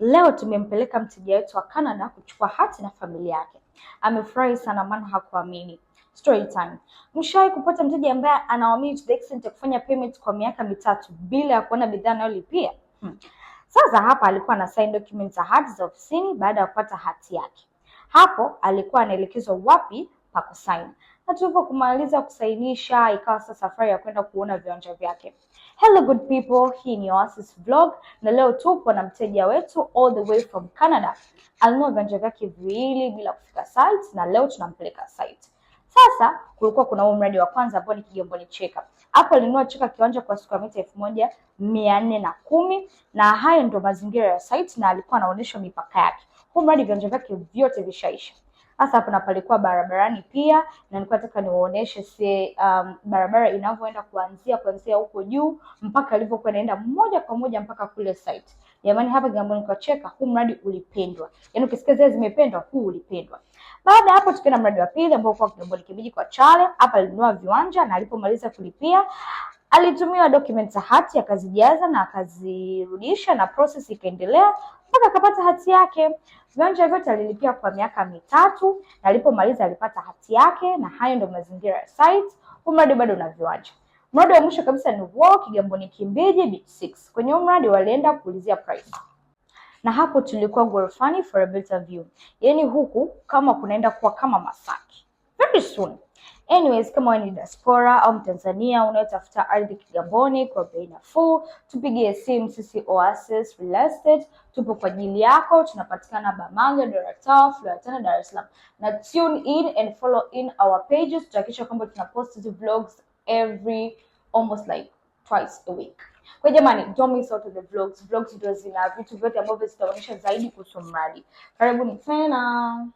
Leo tumempeleka mteja wetu wa Canada kuchukua hati na familia yake. Amefurahi sana maana hakuamini. Story time. Mshawahi kupata mteja ambaye anaamini to the extent ya kufanya payment kwa miaka mitatu bila ya kuona bidhaa anayolipia? Hmm. Sasa hapa alikuwa ana sign documents za hati za ofisini baada ya kupata hati yake. Hapo alikuwa anaelekezwa wapi pa kusign na kumaliza kusainisha, ikawa sasa safari ya kwenda kuona viwanja vyake. Hello good people, hii ni Oasis Vlog na leo tupo na mteja wetu all the way from Canada. Alinunua viwanja vyake viwili bila kufika site na leo tunampeleka site. Sasa kulikuwa kuna huo mradi wa kwanza ambao ni Kigamboni Cheka. Hapo alinua Cheka kiwanja kwa siku ya mita elfu moja mia nne na kumi na hayo ndio mazingira ya site na alikuwa anaonyesha mipaka yake. Huu mradi viwanja vyake vyote vishaisha hasa hapo, na palikuwa barabarani pia, na nilikuwa nataka niwaoneshe si um, barabara inavyoenda kuanzia kuanzia huko juu mpaka ilivyokuwa inaenda moja kwa moja mpaka kule site. Jamani, hapa Kigamboni kwa Cheka, huu mradi ulipendwa, yaani ukisikia zile zimependwa, huu ulipendwa. Baada ya hapo tukaenda mradi wa pili ambao kwa Kigamboni Kibiji kwa Chale, hapa alinunua viwanja na alipomaliza kulipia alitumiwa document za hati akazijaza na akazirudisha, na process ikaendelea mpaka akapata hati yake. Viwanja vyote alilipia kwa miaka mitatu, na alipomaliza alipata hati yake, na hayo ndio mazingira ya site. Huu mradi bado una viwanja. Mradi wa mwisho kabisa ni huo Kigamboni Kimbiji Beach 6. Kwenye huu mradi walienda kuulizia price na hapo tulikuwa gorofani for a better view, yaani huku kama kunaenda kuwa kama Masaki very soon. Anyways, kama ni diaspora au Mtanzania unayotafuta ardhi Kigamboni kwa bei nafuu, tupigie simu sisi Oasis Real Estate tupo kwa ajili yako. Tunapatikana Bamanga, Darataa, Floa Tano, Dar es Salaam, na tune in and follow in our pages. Tutahakikisha kwamba post the vlogs every almost like twice a week. Kwa jamani, don't miss out the vlogs. Vlogs ndio zina vitu vyote ambavyo zitaonyesha zaidi kuhusu mradi. Karibuni tena.